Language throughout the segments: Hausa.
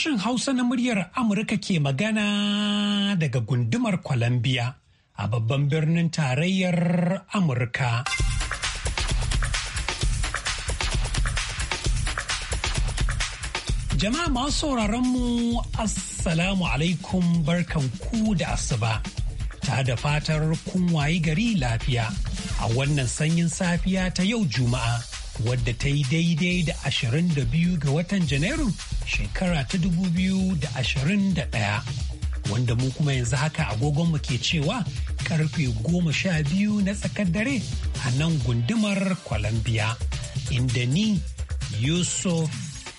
Sashen Hausa na muryar Amurka ke magana daga gundumar kwalambiya a babban birnin tarayyar Amurka. Jama'a masu sauraron mu Assalamu alaikum barkan ku da asuba. Ta da fatar kun wayi gari lafiya a wannan sanyin safiya ta yau Juma'a. wadda ta yi daidai da 22 ga watan Janairu shekara ta 2021 wanda mu kuma yanzu haka agogonmu ke cewa karfe 12 na tsakar dare a nan gundumar Colombia inda ni Yusuf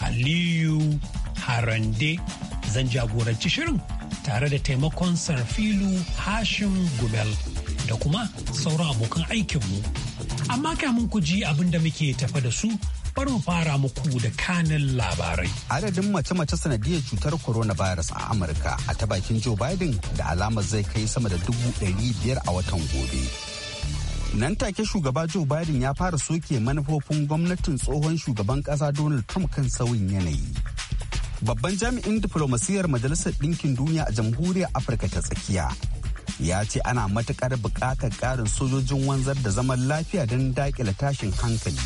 Aliyu Harande zan jagoranci shirin tare da taimakon Sarfilu Hashim Gumel da kuma sauran abokan aikinmu. Amma kamun ku ji abin da muke tafa da su bari mu fara muku da kanin labarai. Adadin mace-mace sanadiyar cutar corona virus a Amurka a ta bakin Joe Biden da alamar zai kai sama da dubu ɗari biyar a watan gobe. Nan take shugaba Joe Biden ya fara soke manufofin gwamnatin tsohon shugaban ƙasa Donald Trump kan sauyin yanayi. Babban jami'in diflomasiyyar Majalisar Ɗinkin Duniya a Jamhuriyar Afirka ta Tsakiya ya ce ana matukar buƙatar ƙarin sojojin wanzar da zaman lafiya don daƙila tashin hankali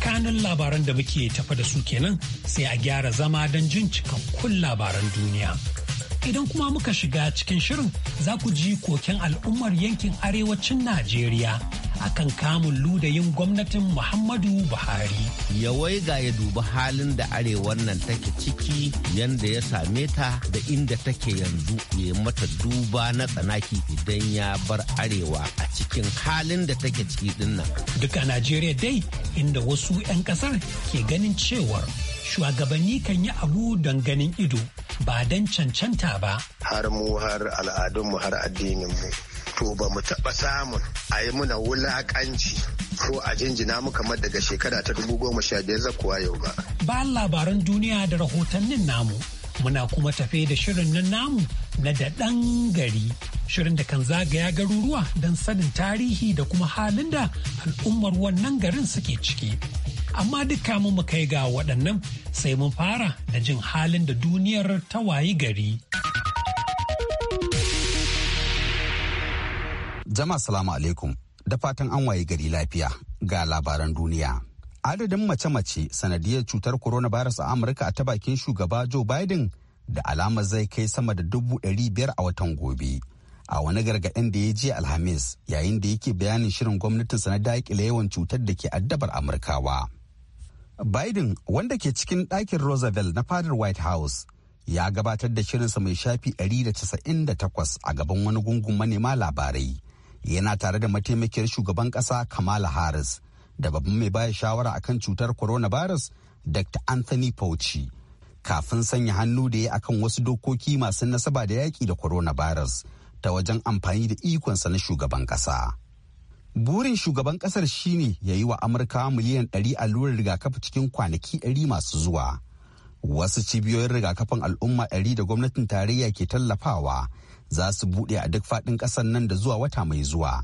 kanun labaran da muke tafa da su kenan sai a gyara zama don jin cikakkun labaran duniya idan kuma muka shiga cikin shirin za ku ji koken al'ummar yankin arewacin najeriya akan kamun ludayin gwamnatin Muhammadu Buhari. Yawai ga ya dubi halin da arewan nan take ciki yanda ya same ta da inda take yanzu ya mata duba na tsanaki idan ya bar arewa a cikin halin da take ciki dinnan. Duk a Najeriya dai inda wasu 'yan kasar ke ganin cewar shugabanni kan yi abu don ganin ido ba don cancanta ba. Har mu har al'adunmu har addininmu. to ba mu taɓa samun a yi muna wulaƙanci ko a jinjina mu kamar daga shekara ta dubu goma sha biyar zakuwa yau ba. Bayan labaran duniya da rahotannin namu muna kuma tafe da shirin na namu na daɗan gari shirin da kan zagaya garuruwa don sanin tarihi da kuma halin da al'ummar wannan garin suke ciki. Amma duka mu kai ga waɗannan sai mun fara da jin halin da duniyar ta wayi gari. Jama'a salamu alaikum da fatan an waye gari lafiya ga labaran duniya. Adadin mace-mace sanadiyar cutar coronavirus a Amurka a tabakin shugaba Joe Biden da alama zai kai sama da dubu ɗari biyar a watan gobe. A wani gargaɗin da ya je Alhamis yayin da yake bayanin shirin gwamnatinsa na daƙile yawan cutar da ke addabar Amurkawa. Biden wanda ke cikin ɗakin Roosevelt na fadar White House ya gabatar da shirinsa mai shafi 198 a gaban wani gungun manema labarai yana tare da mataimakiyar shugaban kasa kamala harris da babban mai baya shawara akan cutar coronavirus dr anthony fauci kafin sanya hannu da ya akan wasu dokoki masu nasaba da yaƙi da coronavirus ta wajen amfani da ikonsa na shugaban kasa. Burin shugaban kasar shine ya yi wa Amurka miliyan 100 allurar rigakafi cikin kwanaki 100 masu zuwa. wasu cibiyoyin rigakafin al'umma ɗari da gwamnatin tarayya ke tallafawa za su buɗe a duk faɗin ƙasar nan da zuwa wata mai zuwa.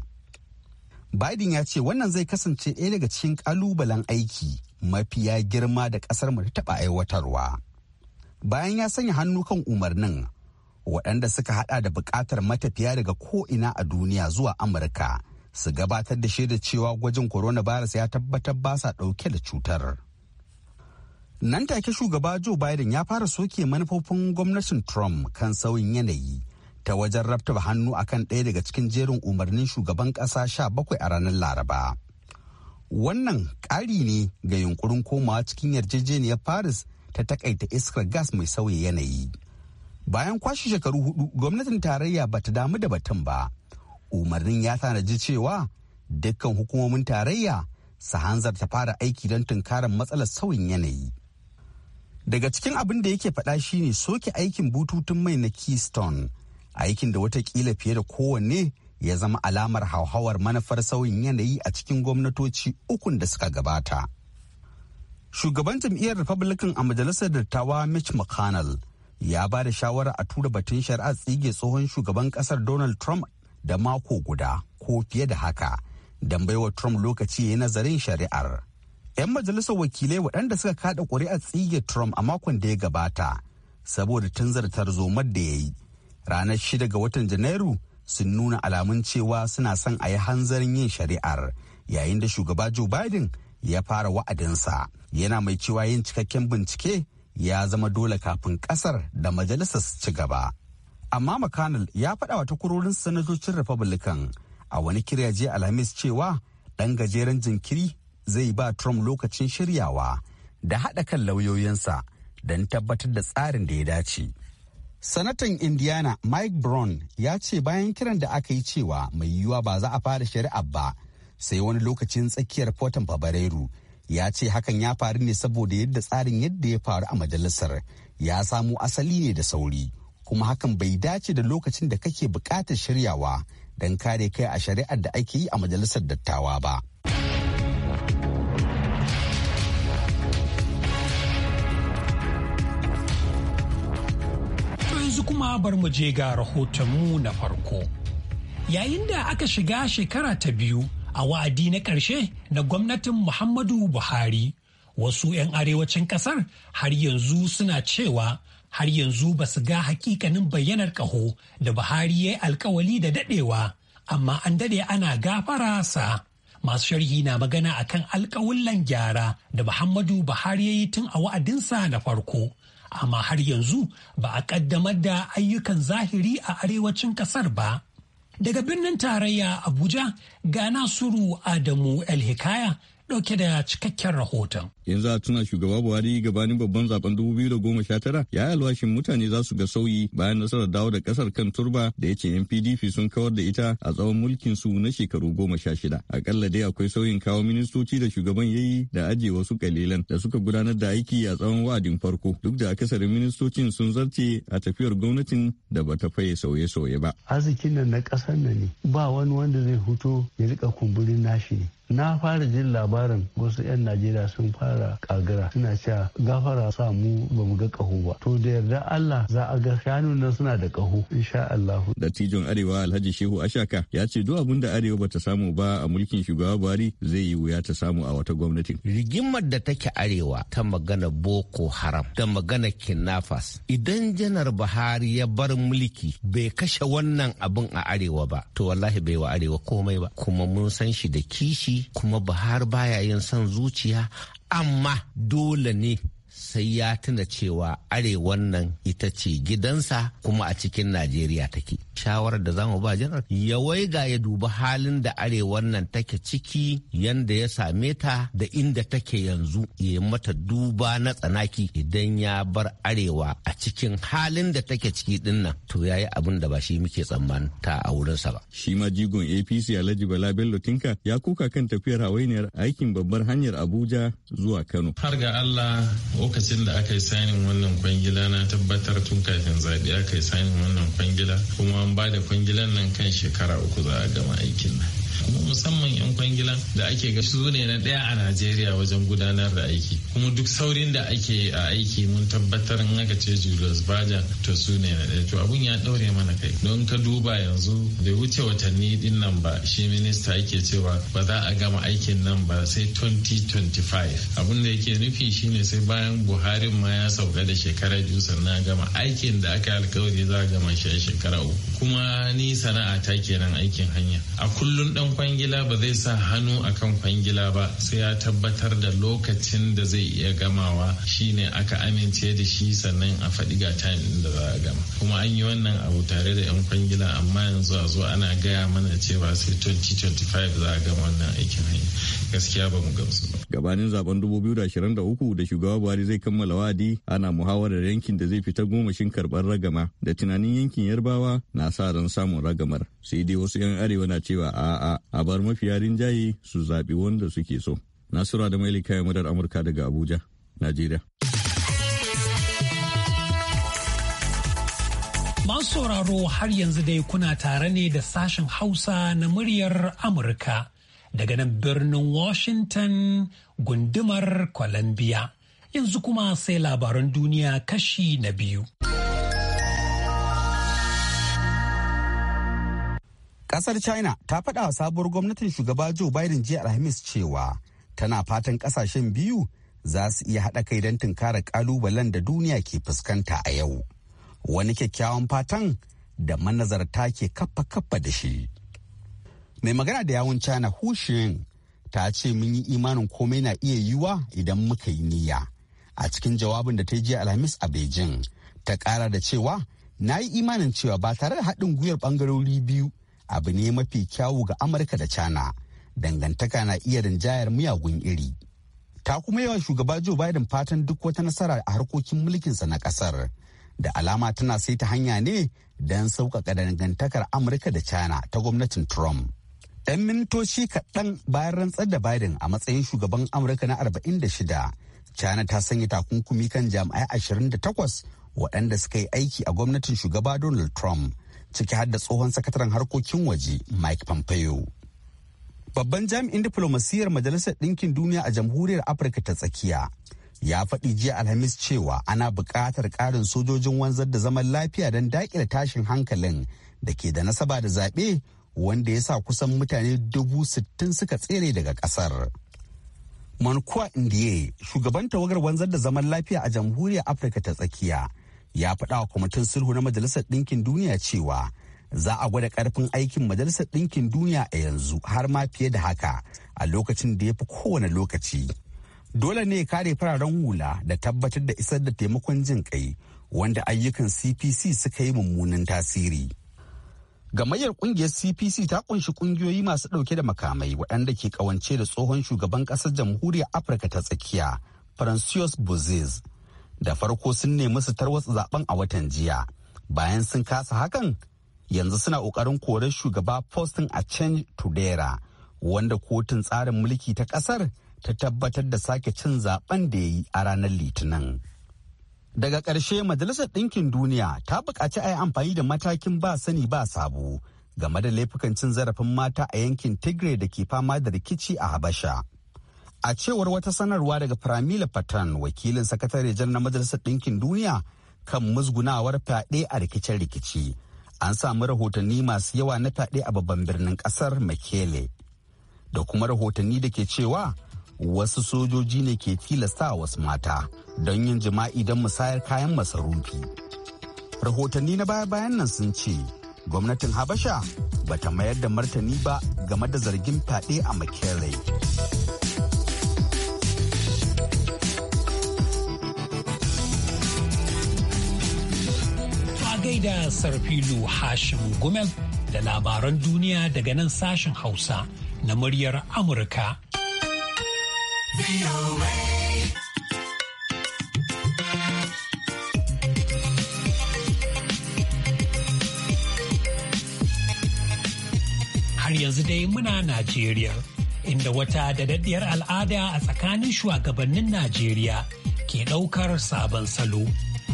Biden ya ce wannan zai kasance ɗaya daga cikin ƙalubalen aiki mafiya girma da ƙasar mu ta taɓa aiwatarwa. Bayan ya sanya hannu kan umarnin waɗanda suka haɗa da buƙatar matafiya daga ko ina a duniya zuwa Amurka su gabatar da shaida cewa gwajin coronavirus ya tabbatar ba sa ɗauke da cutar. Nan take shugaba Joe Biden ya fara soke manufofin gwamnatin Trump kan sauyin yanayi ta wajen raftaba hannu akan ɗaya daga cikin jerin umarnin shugaban ƙasa sha bakwai a ranar Laraba. Wannan ƙari ne ga yunkurin komawa cikin yarjejeniyar Paris ta takaita iskar gas mai sauya yanayi. Bayan kwashe shekaru hudu gwamnatin tarayya bata damu da batun ba. Umarnin ya tanaji cewa dukkan hukumomin tarayya su ta fara aiki don tunkarar matsalar sauyin yanayi. daga cikin abin da yake faɗa shine soke aikin bututun mai na keystone aikin da watakila fiye da kowanne ya zama alamar hauhawar manufar sauyin yanayi a cikin gwamnatoci ukun da suka gabata shugaban jam'iyyar republican a majalisar dattawa mitch mcconnell ya ba da shawara a tura batun shari'a tsige tsohon shugaban kasar donald trump da mako guda ko fiye da haka don baiwa trump lokaci ya yi nazarin shari'ar 'yan majalisar wakilai waɗanda suka kada ƙuri'ar tsige trump a makon da ya gabata saboda zartar zomar da ya yi ranar shida ga watan janairu sun nuna alamun cewa suna son a yi hanzarin yin shari'ar yayin da shugaba joe biden ya fara wa'adinsa yana mai cewa yin cikakken bincike ya zama dole kafin ƙasar da majalisar su ci gaba amma mcconnell ya faɗa wa takwarorin sanatocin republican a wani kiryaje alhamis cewa ɗan gajeren jinkiri zai ba Trump lokacin shiryawa da haɗa kan lauyoyinsa don tabbatar da tsarin da ya dace. Sanatan Indiana Mike Brown ya ce bayan kiran da aka yi cewa mai yiwuwa ba za a fara shari'a ba sai wani lokacin tsakiyar watan Fabrairu ya ce hakan ya faru ne saboda yadda tsarin yadda ya faru a majalisar ya samu asali ne da sauri kuma hakan bai dace da lokacin da kake bukatar shiryawa don kare kai a shari'ar da ake yi a majalisar dattawa ba. yanzu kuma bar mu je ga rahotonmu na farko. Yayin da aka shiga shekara ta biyu a wa'adi na ƙarshe na gwamnatin Muhammadu Buhari, wasu 'yan arewacin ƙasar har yanzu suna cewa har yanzu ba su ga hakikanin bayyanar ƙaho da Buhari ya yi alkawali da daɗewa, amma an daɗe ana gafara sa. Masu sharhi na magana akan alkawullan gyara da Muhammadu Buhari ya yi tun a wa'adinsa na farko. amma har yanzu ba a ƙaddamar da ayyukan zahiri a arewacin ƙasar ba. Daga birnin tarayya Abuja ga Nasiru Adamu El Hikaya ɗauke da cikakken rahoton. Yanzu a tuna shugaba Buhari gabanin babban zaben 2019 ya yi alwashin mutane za su ga sauyi bayan nasarar dawo da kasar kan turba da ya ce 'yan sun kawar da ita a tsawon mulkin su na shekaru goma sha shida. Akalla dai akwai sauyin kawo ministoci da shugaban ya yi da ajiye wasu kalilan da suka gudanar da aiki a tsawon wa'adin farko duk da akasarin ministocin sun zarce a tafiyar gwamnatin da bata faye sauye-sauye ba. Arzikin nan na ƙasar nan ne ba wani wanda zai huto ya rika kumburin nashi ne. na fara jin labarin wasu 'yan najeriya sun fara kagara suna cewa gafara sa mu ba mu ga kaho ba to da yarda allah za a ga shanu nan suna da kaho insha allahu dattijon arewa alhaji shehu ashaka ya ce duk abin da arewa bata samu ba a mulkin shugaba buhari zai yi wuya ta samu a wata gwamnati. rigimar da take arewa ta magana boko haram da magana kinnafas idan janar buhari ya bar mulki bai kashe wannan abin a arewa ba to wallahi bai wa arewa komai ba kuma mun san shi da kishi kuma Buhari baya yin son zuciya amma dole ne sai ya tuna cewa arewan nan ita ce gidansa kuma a cikin najeriya take shawarar da zamu ba janar ya waiga ya duba halin da arewan nan take ciki yanda ya same ta da inda take yanzu ya mata duba na tsanaki idan ya bar arewa a cikin halin da take ciki din nan to yayi abin da ba shi muke tsammanta a wurin sa ba shi ma jigon apc alhaji bala bello tinka ya kuka kan tafiyar hawainiyar aikin babbar hanyar abuja zuwa kano har ga allah lokacin da aka yi sanin wannan kwangila na tabbatar tun kafin zaɓe aka yi sanin wannan kwangila kuma an ba da kwangilan nan kan shekara uku za a gama aikin nan musamman 'yan kwangilan da ake ga su ne na ɗaya a Najeriya wajen gudanar da aiki kuma duk saurin da ake a aiki mun tabbatar in aka ce Julius Baja to su ne na ɗaya to abun ya ɗaure mana kai don ka duba yanzu bai wuce watanni din nan ba shi minista yake cewa ba za a gama aikin nan ba sai 2025 abun da yake nufi shine sai bayan Buhari ma ya sauka da shekara biyu sannan gama aikin da aka yi alkawari za a gama shi a shekara uku kuma ni sana'a ta kenan aikin hanya a kullum dan kwangila ba zai sa hannu a kan kwangila ba sai ya tabbatar da lokacin da zai iya gamawa shine aka amince da shi sannan a faɗi ga time da za a gama kuma an yi wannan abu tare da yan kwangila amma yanzu a zo ana gaya mana cewa sai 2025 za a gama wannan aikin hanyar gaskiya ba mu gamsu ba gabanin zaben 2023 da shugaba buhari zai kammala wa'adi ana muhawarar yankin da zai fita gomashin karɓar ragama da tunanin yankin yarbawa na sa ran samun ragamar sai dai wasu 'yan arewa na cewa a'a a bar mafiya rinjaye su zaɓi wanda suke so nasura da maili kayan madar amurka daga abuja najeriya masu sauraro har yanzu dai kuna tare ne da sashen hausa na muryar amurka daga nan birnin washington gundumar columbia yanzu kuma sai labaran duniya kashi na biyu. Kasar China ta faɗa wa sabuwar gwamnatin shugaba Joe Biden jiya Alhamis cewa tana fatan kasashen biyu za su iya haɗa kai don tunkara kalubalen da duniya ke fuskanta a yau. Wani kyakkyawan fatan da manazarta ke kaffa kaffa da shi. Mai magana da yawun China Hu ta ce mun yi imanin komai na iya yiwuwa idan muka yi niyya. A cikin jawabin da ta yi Alhamis a Beijing, ta kara da cewa na yi imanin cewa ba tare da haɗin gwiwar ɓangarori biyu abu ne mafi kyawu ga amurka da china dangantaka na iya rinjayar miyagun iri ta kuma yawan shugaba joe biden fatan duk wata nasara a harkokin mulkinsa na kasar da alama tana sai ta hanya ne don sauƙaƙa dangantakar amurka da china ta gwamnatin trump ɗan mintoci kaɗan bayan rantsar da biden a matsayin shugaban amurka na 46 china ta sanya takunkumi kan jami'ai 28 waɗanda suka yi aiki a gwamnatin shugaba donald trump ciki har da tsohon sakataren harkokin waje mike pompeo babban jami'in diflomasiyyar majalisar ɗinkin duniya a jamhuriyar afirka ta tsakiya ya faɗi jiya alhamis cewa ana buƙatar ƙarin sojojin wanzar da zaman lafiya don daƙile tashin hankalin da ke da nasaba da zaɓe wanda ya sa kusan mutane dubu sittin suka tsere daga ƙasar. Mankwa Indiye, shugaban tawagar wanzar da zaman lafiya a jamhuriyar Afirka ta tsakiya, ya faɗa wa kwamitin sulhu na majalisar ɗinkin duniya cewa za a gwada ƙarfin aikin majalisar ɗinkin duniya a yanzu har ma fiye da haka a lokacin da ya fi kowane lokaci dole ne kare fararen hula da tabbatar da isar da taimakon jin kai wanda ayyukan cpc suka yi mummunan tasiri gamayyar kungiyar cpc ta kunshi kungiyoyi masu dauke da makamai waɗanda ke kawance da tsohon shugaban ƙasar jamhuriyar afirka ta tsakiya francois bozes da farko sun nemi su tarwatsa zaben a watan jiya bayan sun kasa hakan yanzu suna ƙoƙarin kore shugaba postin a change tudera wanda kotun tsarin mulki ta ƙasar ta tabbatar da sake cin zaben da ya yi a ranar litinin daga ƙarshe majalisar ɗinkin duniya ta buƙaci a yi amfani da matakin ba sani ba sabo game da laifukan cin zarafin mata a yankin tigray da ke fama da rikici a habasha A cewar wata sanarwa daga Pramila Patan wakilin sakatare jan na Majalisar Ɗinkin Duniya kan musgunawar fyaɗe a rikice-rikice. An samu rahotanni masu yawa na fyaɗe a babban birnin ƙasar Mekele. Da kuma rahotanni da ke cewa wasu sojoji ne ke tilasta wasu mata don yin jima'i don musayar kayan masarufi. Rahotanni na baya-bayan nan sun ce gwamnatin Habasha bata mayar da martani ba game da zargin fyaɗe a Mekele. gaida Sarfilu Hashim Gumel da labaran duniya daga nan sashen Hausa na muryar Amurka. Har yanzu dai muna Najeriya, inda wata da daddiyar al'ada a tsakanin shugabannin Najeriya ke daukar sabon salo.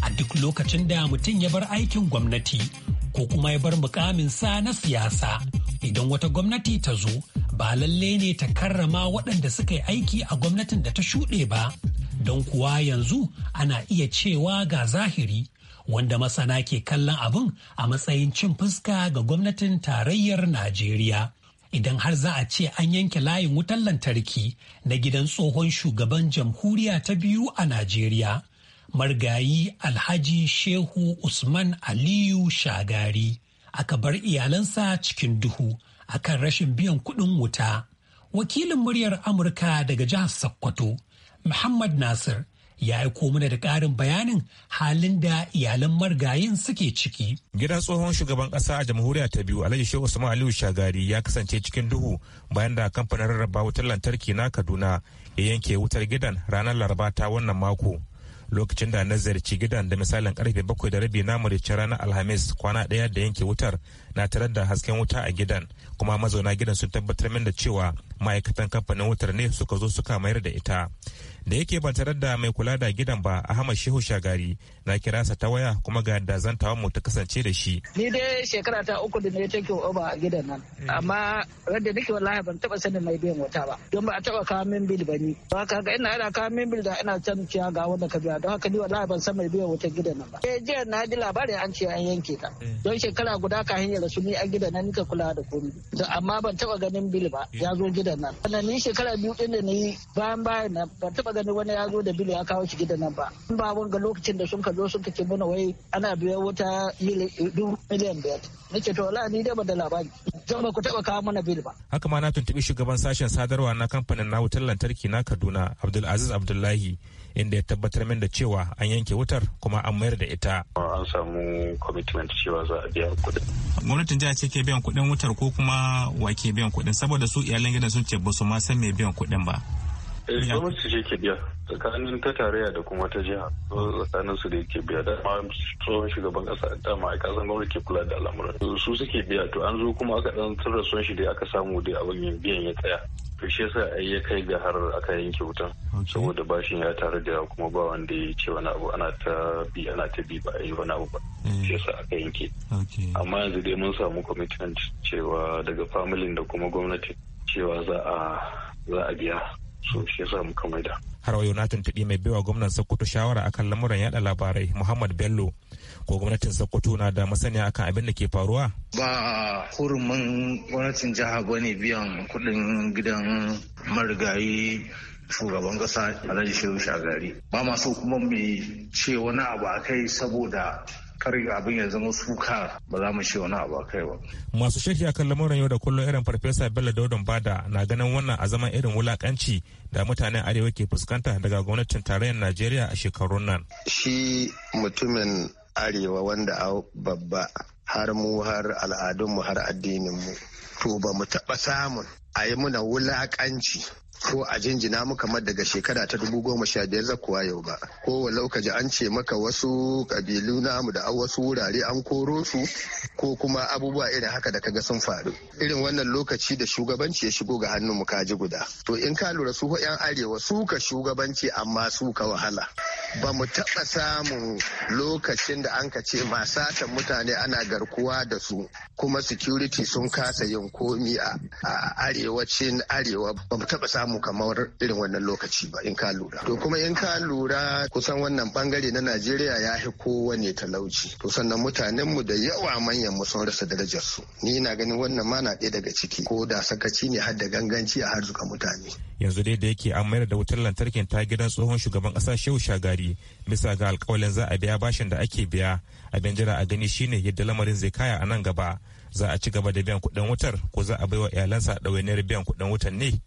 a duk lokacin da mutum ya bar aikin gwamnati ko kuma ya bar mukamin sa na siyasa idan wata gwamnati ta zo ba lalle ne ta karrama waɗanda suka yi aiki a gwamnatin da ta shuɗe ba don kuwa yanzu ana iya cewa ga zahiri wanda masana ke kallon abin a matsayin cin fuska ga gwamnatin tarayyar najeriya idan har za a ce an yanke layin wutan lantarki na gidan tsohon shugaban jamhuriya ta biyu a najeriya margayi alhaji shehu usman aliyu shagari aka bar iyalansa cikin duhu akan rashin biyan kuɗin wuta wakilin muryar amurka daga jihar sokoto muhammad nasir ya yi mana da ƙarin bayanin halin da iyalan margayin suke ciki. Gidan tsohon shugaban ƙasa a jamhuriya ta biyu Alhaji Shehu Usman Aliyu Shagari ya kasance cikin duhu bayan da kamfanin rarraba wutar lantarki na Kaduna ya yanke wutar gidan ranar Laraba ta wannan mako. lokacin da na ziyarci gidan da misalin karfe bakwai da rabi na murice ranar alhamis kwana daya da yanke wutar na tarar da hasken wuta a gidan kuma mazauna gidan sun tabbatar min da cewa ma'aikatan kamfanin wutar ne suka zo suka mayar da ita da yake ban tarar da mai kula da gidan ba ahmad shehu shagari na kira sa ta waya kuma ga da zantawa mu ta kasance da shi ni dai shekara ta uku da ne take oba a gidan nan hmm. amma wanda nake wallahi ban taba sanin mai biyan wata ba don ba a taba kawo min bil ba ni ba ka ga ina ina kawo min bil da ina can ciya ga wanda ka biya don haka ni wallahi ban san mai biyan wata gidan nan ba eh jiya na ji labarin an ce an yanke ka hmm. don shekara guda ka hanyar su ni a gidan nan nika kula da komai amma ban taba ganin bil ba ya zo gidan nan sannan ni shekara biyu din da ni bayan bayan na ban taba gani wani ya zo da bilo ya kawo shi gidan nan ba in ba wani ga lokacin da sun ka zo sun ka ce mana wai ana biyan wata eh, miliyan biyar nake to wala ni dai ba da labari zan ba ku taba kawo mana bil ba haka ma na tuntubi shugaban sashen sadarwa na kamfanin na wutar lantarki na Kaduna Abdulaziz Abdullahi inda ya tabbatar min da cewa an yanke wutar kuma an mayar da ita. An samu commitment cewa za a biya kuɗin. Gwamnatin jiha ce ke biyan kuɗin wutar ko kuma wa ke biyan kuɗin saboda su iyalan gidan sun ce ba su ma san me biyan kuɗin ba. eh gwamnati ke biya tsakanin ta tarayya da kuma ta jiha tsakanin su da yake biya dama tsohon shugaban kasa da ai kasan ke kula da al'amuran su suke biya to an zo kuma aka dan tsirra son shi aka samu dai abin biyan ya tsaya to shi yasa ai ya kai ga har aka yanke wutan saboda bashin ya tare da kuma ba wanda ya ce wani abu ana ta bi ana ta bi ba a yi wani abu ba eh. shi yasa aka yanke amma yanzu dai mun samu commitment cewa daga familin da kuma gwamnati cewa za a za a biya so shi mu kama da. har wayo na tuntuɓi mai baiwa gwamnan sokoto shawara akan lamuran yada labarai muhammad bello ko gwamnatin sokoto na da masaniya akan abin da ke faruwa ba hurumin gwamnatin jiha bane biyan kuɗin gidan marigayi shugaban kasa alhaji shehu shagari ba masu kuma mai ce wani abu a kai saboda kar abin ya zama suka ba za mu shi wani abu kai ba. Masu a kan lamuran yau da kullum irin Farfesa Bello Daudon Bada na ganin wannan a zaman irin wulakanci da mutanen Arewa ke fuskanta daga gwamnatin tarayyar Najeriya a shekarun nan. Shi mutumin Arewa wanda a babba har mu har al'adunmu har addininmu. To ba mu taɓa samun a yi muna wulakanci ko a jinjina muka kamar daga shekara ta dubu goma sha biyar za kuwa yau ba ko walau ka ji an ce maka wasu kabilu namu da wasu wurare an koro su ko kuma abubuwa irin haka da kaga sun faru irin wannan lokaci da shugabanci ya shigo ga hannun mu kaji guda to in ka lura su yan arewa su ka shugabanci amma su ka wahala ba mu taɓa samun lokacin da an ka ce masatan mutane ana garkuwa da su kuma security sun kasa yin komi a arewacin arewa ba mu taɓa samu kamar irin wannan lokaci ba in ka lura to kuma in ka lura kusan wannan bangare na najeriya ya fi kowane talauci to sannan mutanen mu da yawa manyan mu sun rasa darajar su ni na ganin wannan ma na ɗaya daga ciki ko da sakaci ne har da ganganci a harzuka mutane yanzu dai da yake an mayar da wutar lantarkin ta gidan tsohon shugaban ƙasa shehu shagari labari bisa ga alkawalin za a biya bashin da ake biya abin jira a gani shine yadda lamarin zai kaya a nan gaba za a ci gaba da biyan kuɗin wutar ko za a bai wa iyalansa ɗawainiyar biyan kuɗin wutar ne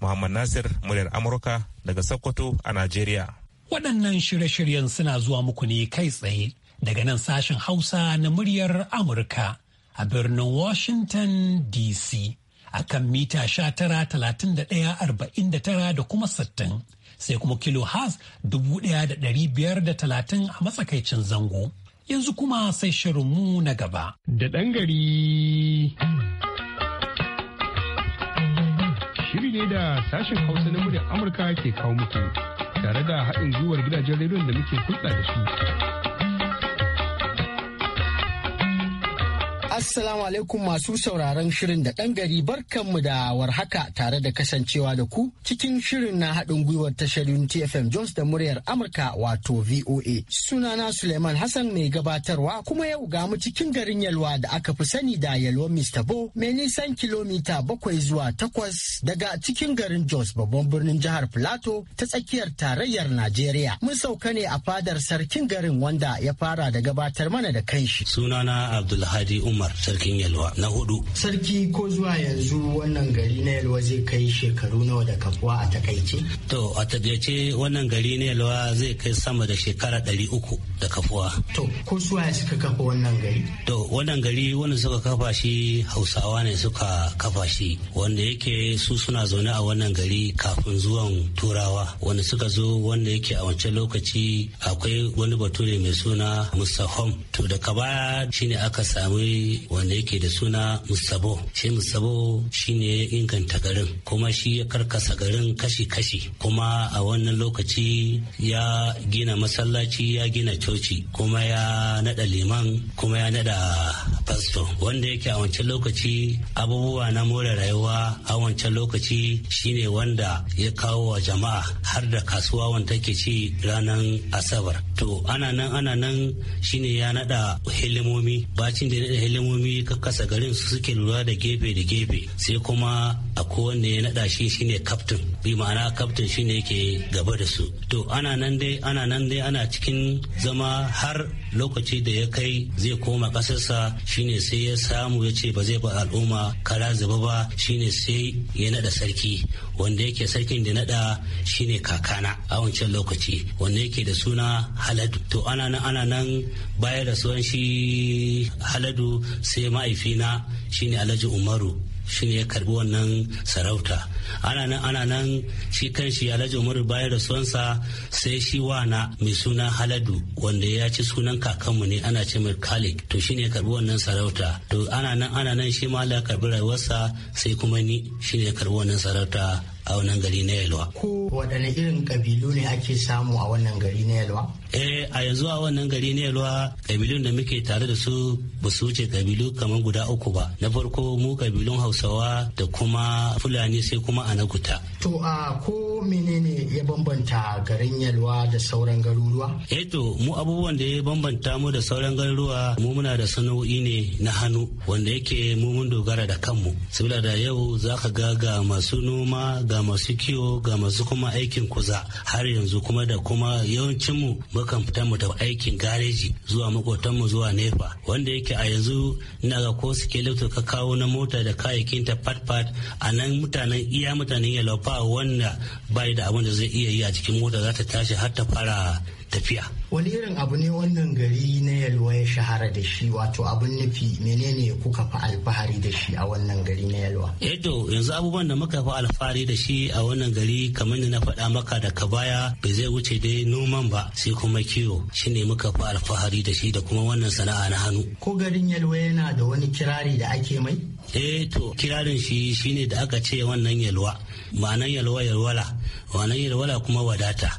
muhammad nasir muryar amurka daga sokoto a najeriya waɗannan shirye-shiryen suna zuwa muku ne kai tsaye daga nan sashen hausa na muryar amurka a birnin washington dc akan mita talatin da kuma sittin. sai kuma kilo has dubu ɗaya da ɗari biyar da talatin a matsakaicin zango. Yanzu kuma sai shirinmu na gaba. Da ɗan gari. Shiri ne da sashen Hausa na muryar Amurka ke kawo muku tare da haɗin gwiwar gidajen rediyon da muke hulɗa da su. Assalamu alaikum masu sauraron shirin da ɗan gari barkanmu da warhaka tare da kasancewa da ku cikin shirin na haɗin gwiwar tashar TFM Jones da muryar Amurka wato VOA. Sunana Suleiman Hassan mai gabatarwa kuma yau ga mu cikin garin Yalwa da aka fi sani da Yalwa Mr. Bo mai nisan kilomita bakwai zuwa takwas daga cikin garin Jos babban birnin jihar Filato ta tsakiyar tarayyar Najeriya. Mun sauka ne a fadar sarkin garin wanda ya fara da gabatar mana da kanshi. Sunana Abdulhadi Umar. sarkin yalwa na hudu sarki ko zuwa yanzu wannan gari na yalwa zai kai shekaru nawa da kafuwa a takaice to a takaice wannan gari na yalwa zai kai sama da shekara ɗari uku da kafuwa to ko zuwa suka kafa wannan gari to wannan gari wanda suka kafa shi hausawa ne suka kafa shi wanda yake su suna zaune a wannan gari kafin zuwan turawa wanda suka zo wanda yake a wancan lokaci akwai wani bature mai suna mustahom to daga baya shine aka sami wanda yake da suna musabo shi musabo shine ya inganta garin kuma shi ya karkasa garin kashi-kashi kuma a wannan lokaci ya gina masallaci ya gina coci kuma ya nada liman kuma ya nada fasto wanda yake a wancan lokaci abubuwa na more rayuwa a wancan lokaci shine wanda ya kawo wa jama'a har da kasuwa wanda take ci ranar asabar to ana nan ana nan shine ya nada helimomi bacin da ya nada helimomi kasa garin su suke lura da gefe da gefe sai kuma a kowanne ya nada shi shine kaftin bi ma'ana kaftin shine yake gaba da su to ana nan dai ana nan dai ana cikin zama har lokaci da ya kai zai koma kasarsa shine sai ya samu ya ce ba zai ba al'umma kara zuba ba shine sai ya nada sarki wanda yake sarkin da nada shine kakana a wancan lokaci wanda yake da suna haladu to ana nan ana nan da rasuwan shi haladu sai ma'aifina shine alhaji umaru shine ya karbi wannan sarauta ana nan ana nan shi kanshi alhaji umaru bayar da sonsa sai shi wana mai suna haladu wanda ya ci sunan kakanmu ne ana ce mai kalik to shine ya karbi wannan sarauta to ana nan ana nan shi ma ya karbi rayuwarsa sai kuma ni shine ya karbi wannan sarauta a wannan gari na yalwa. Ko waɗanne irin ƙabilu ne ake samu a wannan gari na yalwa? Eh a yanzu a wannan gari na yalwa ƙabilun da muke tare da su ba su wuce ƙabilu kamar guda uku ba. Na farko mu ƙabilun Hausawa da kuma Fulani sai kuma Anaguta. To a ko menene ya bambanta garin yalwa da sauran garuruwa eto eh mu abubuwan da ya bambanta mu da sauran garuruwa mu muna da sana'o'i ne na hannu wanda yake mu mun dogara da kanmu saboda da yau za ka ga ga masu noma ga masu kiwo ga masu kuma aikin kuza har yanzu kuma da kuma yawancin mu mukan fita mu da aikin gareji zuwa makotan mu zuwa nefa wanda yake a yanzu ina ga ko suke ka kawo na mota da kayayyakin ta fat fat a nan mutanen iya mutanen yalofa wanda bai da abin da zai iya yi a cikin mota za ta tashi har ta fara tafiya. Wani irin abu ne wannan gari na yalwa ya shahara da shi wato abin nufi menene kuka fi alfahari da shi a wannan gari na yalwa? Edo eh yanzu abubuwan da muka fi alfahari da shi a wannan gari kamar da na faɗa maka da ka baya bai zai wuce dai noman ba sai kuma kiwo shine muka fi alfahari da shi da kuma wannan sana'a na hannu. Ko garin yalwa yana da wani kirari da ake mai? Eh to kirarin shi shine da aka ce wannan yalwa ma'anan yalwa yalwala yalwala kuma wadata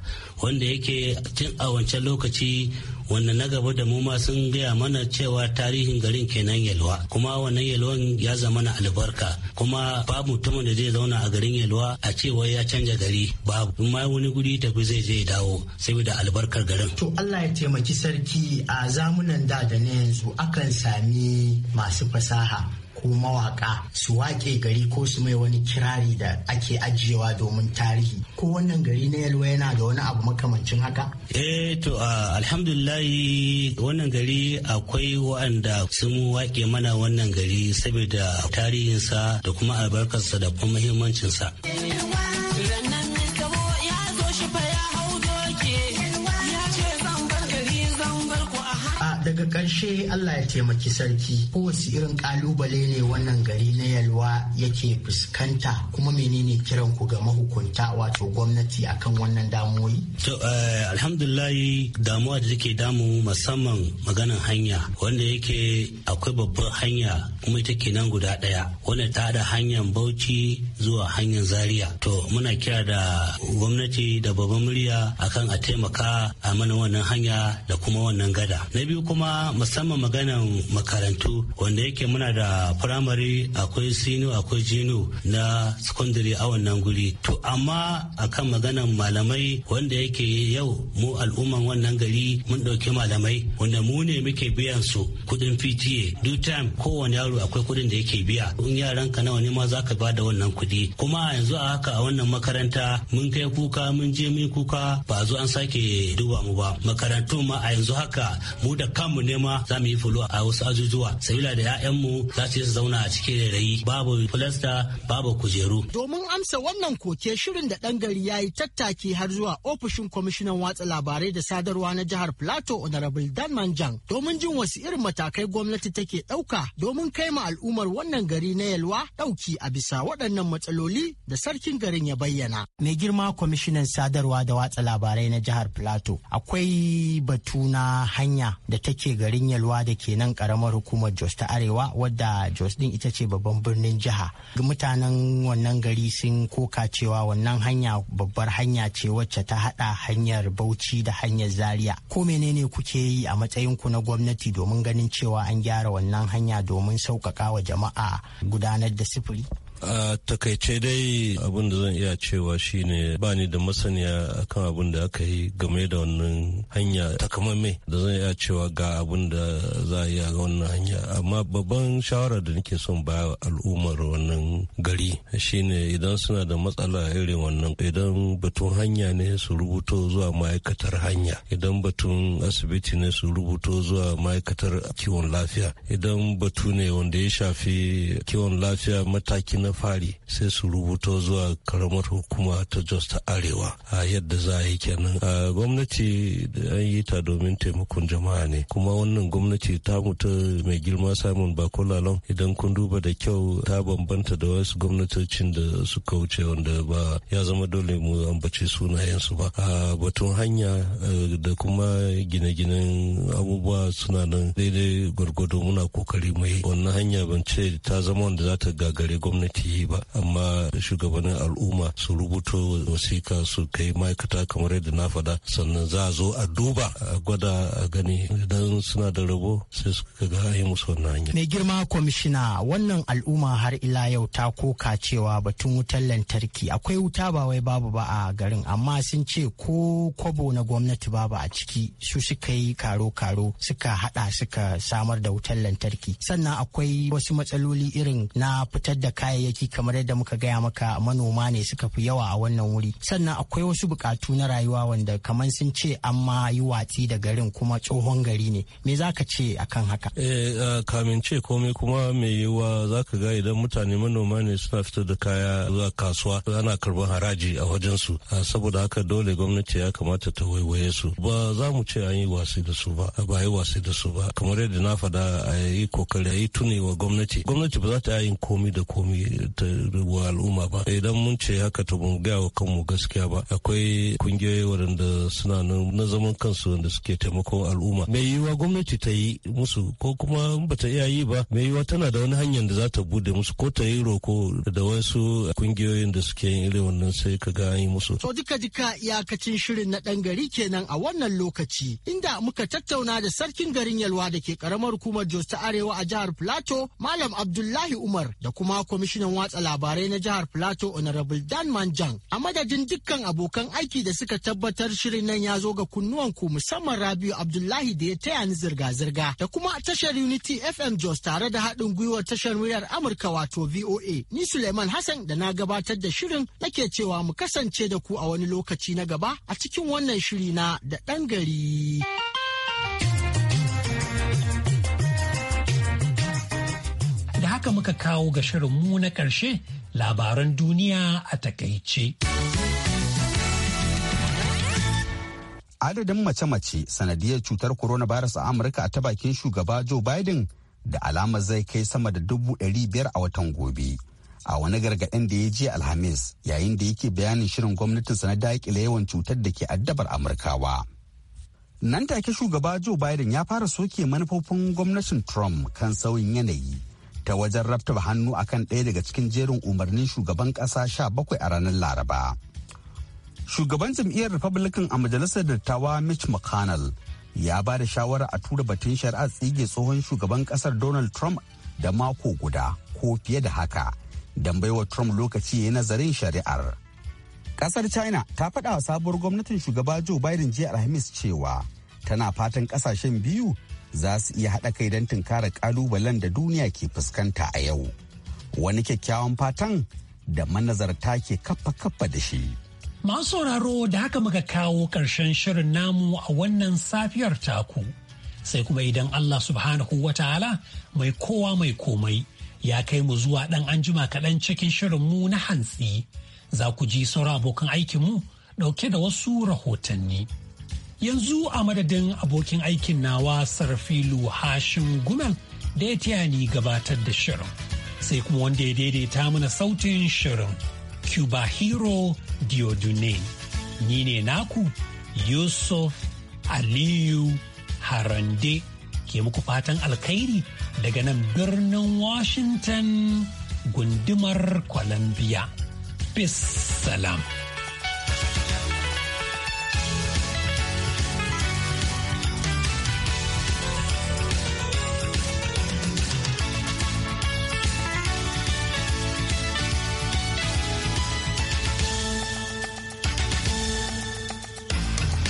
wanda yake tun a wancan lokaci wanda na gaba da muma sun gaya mana cewa tarihin garin kenan yalwa kuma wannan yalwan ya zama na albarka kuma babu mutumin da zai zauna a garin yalwa a cewa ya canja gari babu ma wani guri tafi zai je dawo saboda albarkar garin to Allah ya taimaki sarki a zamunan da da na yanzu akan sami masu fasaha ko mawaka su wake gari ko su mai wani kirari da ake ajiyewa domin tarihi ko wannan gari na yalwa yana da wani abu makamancin haka eh to alhamdulillahi wannan gari akwai wa'anda sun wake mana wannan gari saboda tarihinsa da kuma albarkarsa da kuma muhimmancinsa. Karshe Allah ya taimaki sarki kowace irin ƙalubale ne wannan gari na yalwa yake fuskanta kuma menene kiran ku ga mahukunta wato gwamnati akan wannan damuwoyi? To eh, alhamdulillahi damuwa da take damu musamman maganan hanya wanda yake akwai babbar hanya kuma ita nan guda ɗaya wanda ta da hanyar Bauchi zuwa hanyar Zaria. To muna kira da gwamnati da babban murya akan a taimaka a mana wannan hanya da kuma wannan gada. Na biyu kuma musamman maganan makarantu wanda yake muna da firamare akwai sino akwai jino na secondary a wannan guri to amma akan maganan malamai wanda yake yau mu al'umman wannan gari mun ɗauki malamai wanda mu ne muke biyan su kuɗin pta duk time kowane yaro akwai kuɗin da yake biya in yaran ka nawa ne ma za ka bada wannan kuɗi kuma yanzu a haka a wannan makaranta mun kai kuka mun je mun kuka ba zo an sake duba mu ba makarantu ma a yanzu haka mu da kanmu ne nema za mu yi fulo a wasu ajujuwa sabila da 'ya'yanmu za su su zauna a cikin rairayi babu filasta babu kujeru. Domin amsa wannan koke shirin da ɗan gari ya yi tattaki har zuwa ofishin kwamishinan watsa labarai da sadarwa na jihar Plateau Honorable Dan Manjang domin jin wasu irin matakai gwamnati take ɗauka domin kai ma al'ummar wannan gari na Yalwa ɗauki a bisa waɗannan matsaloli da sarkin garin ya bayyana. Mai girma kwamishinan sadarwa da watsa labarai na jihar Plateau akwai batu na hanya da take ce garin yalwa da ke nan karamar hukumar jos ta arewa wadda jos din ita ce babban birnin jiha mutanen wannan gari sun koka cewa wannan hanya babbar hanya ce wacce ta hada hanyar bauchi da hanyar zaria ko menene kuke yi a matsayin ku na gwamnati domin ganin cewa an gyara wannan hanya domin sauƙaƙa wa jama'a gudanar da sufuri. a takaice dai abin da zan iya cewa shine Bani da masaniya akan abin da aka yi game da wannan hanya takamamme da zan iya cewa ga abin da za a yi a wannan hanya amma babban shawara da nake son ba al'ummar wannan gari shine idan suna da matsala irin wannan idan batun hanya ne su rubuto zuwa ma'aikatar hanya idan batun asibiti ne su rubuto zuwa ma'aikatar kiwon lafiya idan batu ne wanda ya shafi kiwon lafiya mataki na na fari sai su rubuto zuwa karamar hukuma ta jos ta arewa a yadda za a yi kenan gwamnati da an yi ta domin taimakon jama'a ne kuma wannan gwamnati ta mutu mai girma simon lalon idan kun duba da kyau ta bambanta da wasu gwamnatocin da suka wuce wanda ba ya zama dole mu ambaci sunayensu ba a batun hanya eh, da kuma gine-ginen abubuwa suna nan daidai gwargwado muna kokari mai wannan hanya ban ce ta zama wanda za ta gagare gwamnati ta yi ba amma shugabannin al'umma su rubuto wasika su kai ma'aikata kamar yadda na faɗa sannan za a zo a duba a gwada a gani idan suna da rabo sai su ga yi musu wannan hanya. mai girma kwamishina wannan al'umma har ila yau ta koka cewa batun wutar lantarki akwai wuta ba wai babu ba a garin amma sun ce ko kwabo na gwamnati babu a ciki su suka yi karo-karo suka haɗa suka samar da wutar lantarki sannan akwai wasu matsaloli irin na fitar da kayayyaki gonaki kamar yadda muka gaya maka manoma ne suka fi yawa a wannan wuri sannan akwai wasu bukatu na rayuwa wanda kamar sun ce an ma yi watsi da garin kuma tsohon gari ne me za ka ce a kan haka eh kamin ce komai kuma mai yiwuwa za ka ga idan mutane manoma ne suna fitar da kaya zuwa kasuwa ana karban haraji a wajensu. su saboda haka dole gwamnati ya kamata ta waiwaye su ba za mu ce an yi wasi da su ba ba yi wasi da su ba kamar yadda na faɗa a yi kokari a yi tunewa gwamnati gwamnati ba za ta yin komi da komi wa al'umma ba idan mun ce haka to mun gaya wa kanmu gaskiya ba akwai kungiyoyi waɗanda suna na zaman kansu wanda suke taimakon al'umma mai yiwuwa gwamnati ta yi musu ko kuma bata iya yi ba mai yiwuwa tana da wani hanyar da za ta bude musu ko ta yi roko da wasu kungiyoyin da suke yin irin wannan sai ka ga yi musu. to duka duka iyakacin shirin na ɗan gari kenan a wannan lokaci inda muka tattauna da sarkin garin yalwa da ke karamar hukumar jos ta arewa a jihar plateau malam abdullahi umar da kuma kwamishinan ministan watsa labarai na jihar Plateau Honorable Dan Manjang a madadin dukkan abokan aiki da suka tabbatar shirin nan ya zo ga kunnuwan ku musamman Rabiu Abdullahi da ya taya ni zirga-zirga da kuma tashar Unity FM Jos tare da haɗin gwiwar tashar muryar Amurka wato VOA. Ni Suleiman Hassan da na gabatar da shirin nake cewa mu kasance da ku a wani lokaci na gaba a cikin wannan shiri na da ɗan gari. haka muka kawo ga shirinmu na ƙarshe labaran duniya a takaice. Adadin mace-mace sanadiyar cutar corona coronavirus a Amurka a ta bakin shugaba Joe Biden da alama zai kai sama da dubu ɗari biyar a watan gobe. A wani gargaɗin da ya je Alhamis yayin da yake bayanin shirin gwamnatin na daƙile yawan cutar da ke addabar Amurkawa. Nan take shugaba Joe Biden ya fara soke manufofin gwamnatin Trump kan sauyin yanayi ta wajen raftaba hannu akan ɗaya daga cikin jerin umarnin shugaban ƙasa 17 a ranar laraba shugaban jam'iyyar republican a majalisar dattawa mitch mcconnell ya ba da shawara a tura batun shari'a tsige tsohon shugaban ƙasar donald trump da mako guda ko fiye da haka don baiwa trump lokaci ya nazarin shari'ar ƙasar china ta faɗa wa sabuwar gwamnatin shugaba joe biden jiya alhamis cewa tana fatan ƙasashen biyu za su iya haɗa kai don tunkara ƙalubalen da duniya ke fuskanta a yau. Wani kyakkyawan fatan da manazarta ke kafa kafa da shi. Masu sauraro da haka muka kawo ƙarshen shirin namu a wannan safiyar taku. Sai kuma idan Allah subhanahu wa ta'ala mai kowa mai komai ya kai mu zuwa ɗan anjima kaɗan cikin shirin mu na hantsi. Za ku ji sauran abokan aikinmu ɗauke da wasu rahotanni. yanzu a madadin abokin aikin nawa sarfilu hashin gumel da ya taya ni gabatar da shirin sai kuma wanda ya daidaita mana sautin shirin cuba hero diodune ni ne naku yusuf aliyu harande ke muku fatan alkhairi daga nan birnin washington gundumar columbia bis salam